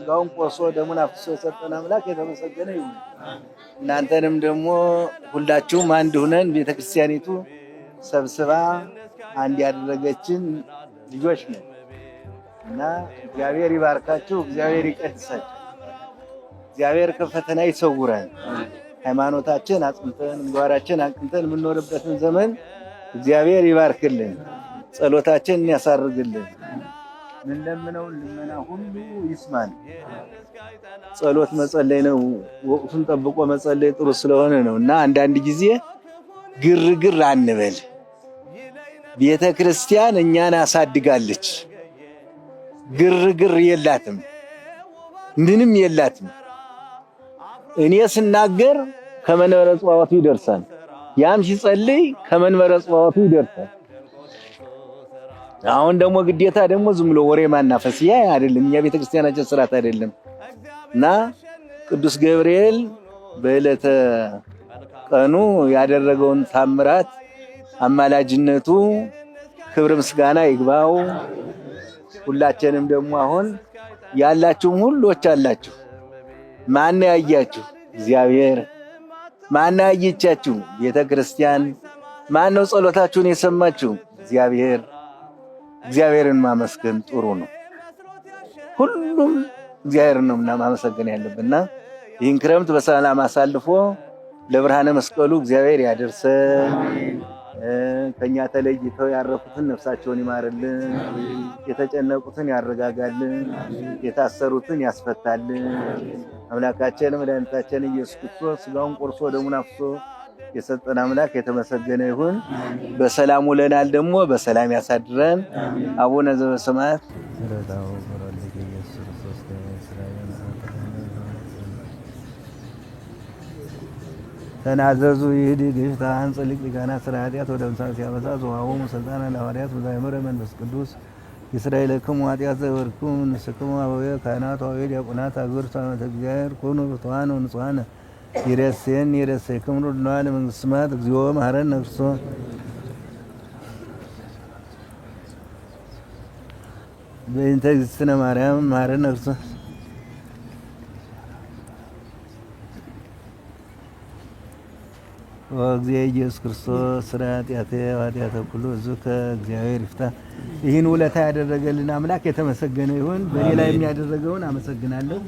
ስጋውን ቆርሶ ደሙን አፍሶ የሰጠን አምላክ የተመሰገነ ይሁን። እናንተንም ደግሞ ሁላችሁም አንድ ሁነን ቤተክርስቲያኒቱ ሰብስባ አንድ ያደረገችን ልጆች ነን እና እግዚአብሔር ይባርካችሁ፣ እግዚአብሔር ይቀድሳችሁ፣ እግዚአብሔር ከፈተና ይሰውራል። ሃይማኖታችን አጽንተን ምግባራችን አቅንተን የምንኖርበትን ዘመን እግዚአብሔር ይባርክልን፣ ጸሎታችን ያሳርግልን። ምንለምነውን ልመና ሁሉ ይስማል። ጸሎት መጸለይ ነው። ወቅቱን ጠብቆ መጸለይ ጥሩ ስለሆነ ነው እና አንዳንድ ጊዜ ግርግር አንበል። ቤተ ክርስቲያን እኛን አሳድጋለች። ግርግር የላትም፣ ምንም የላትም። እኔ ስናገር ከመንበረ ይደርሳል። ያም ሲጸልይ ከመንበረ ጽዋዕቱ ይደርሳል። አሁን ደግሞ ግዴታ ደግሞ ዝም ብሎ ወሬ ማናፈስ ያ አይደለም። እኛ ቤተክርስቲያናችን ስርዓት አይደለም እና ቅዱስ ገብርኤል በዕለተ ቀኑ ያደረገውን ታምራት አማላጅነቱ ክብር ምስጋና ይግባው። ሁላችንም ደግሞ አሁን ያላችሁም ሁሎች አላችሁ። ማን ያያችሁ? እግዚአብሔር። ማን ያይቻችሁ? ቤተ ክርስቲያን። ማን ነው ጸሎታችሁን የሰማችሁ? እግዚአብሔር እግዚአብሔርን ማመስገን ጥሩ ነው። ሁሉም እግዚአብሔር ነው እና ማመሰገን ያለብንና ይህን ክረምት በሰላም አሳልፎ ለብርሃነ መስቀሉ እግዚአብሔር ያደርሰን። ከኛ ተለይተው ያረፉትን ነፍሳቸውን ይማርልን፣ የተጨነቁትን ያረጋጋልን፣ የታሰሩትን ያስፈታልን። አምላካችን መድኃኒታችን ኢየሱስ ክርስቶስ ስጋውን ቆርሶ ደሙን አፍሶ የሰጠን አምላክ የተመሰገነ ይሁን። በሰላም ውለናል፣ ደግሞ በሰላም ያሳድረን። አቡነ ዘበሰማያት ተናዘዙ ይህድ ግሽታ አንጽልቅ ሊቃና ስራ ኃጢአት ወደ ምሳ ሲያበሳ ዘዋቦሙ ስልጣና ለሐዋርያት በዛይመረ መንፈስ ቅዱስ ክሙ ኃጢአት ዘበርኩም ንስክሙ አበዌ ካህናት አበዌ ዲያቆናት አግብር ሰማዕተ እግዚአብሔር ኩኑ ብትዋኑ ወንጽዋነ ይሬሴን ይሬሴ ክምሩ ድለዋል መንግስት እግዚኦ መሐረነ ክርስቶስ በእንተ እግዝእትነ ማርያም መሐረነ ክርስቶስ ወእግዚአ ኢየሱስ ክርስቶስ ስራት ያተ ዋትያተ ኩሉ እዙከ እግዚአብሔር ይፍታ። ይህን ውለታ ያደረገልን አምላክ የተመሰገነ ይሁን። በእኔ ላይ የሚያደረገውን አመሰግናለሁ።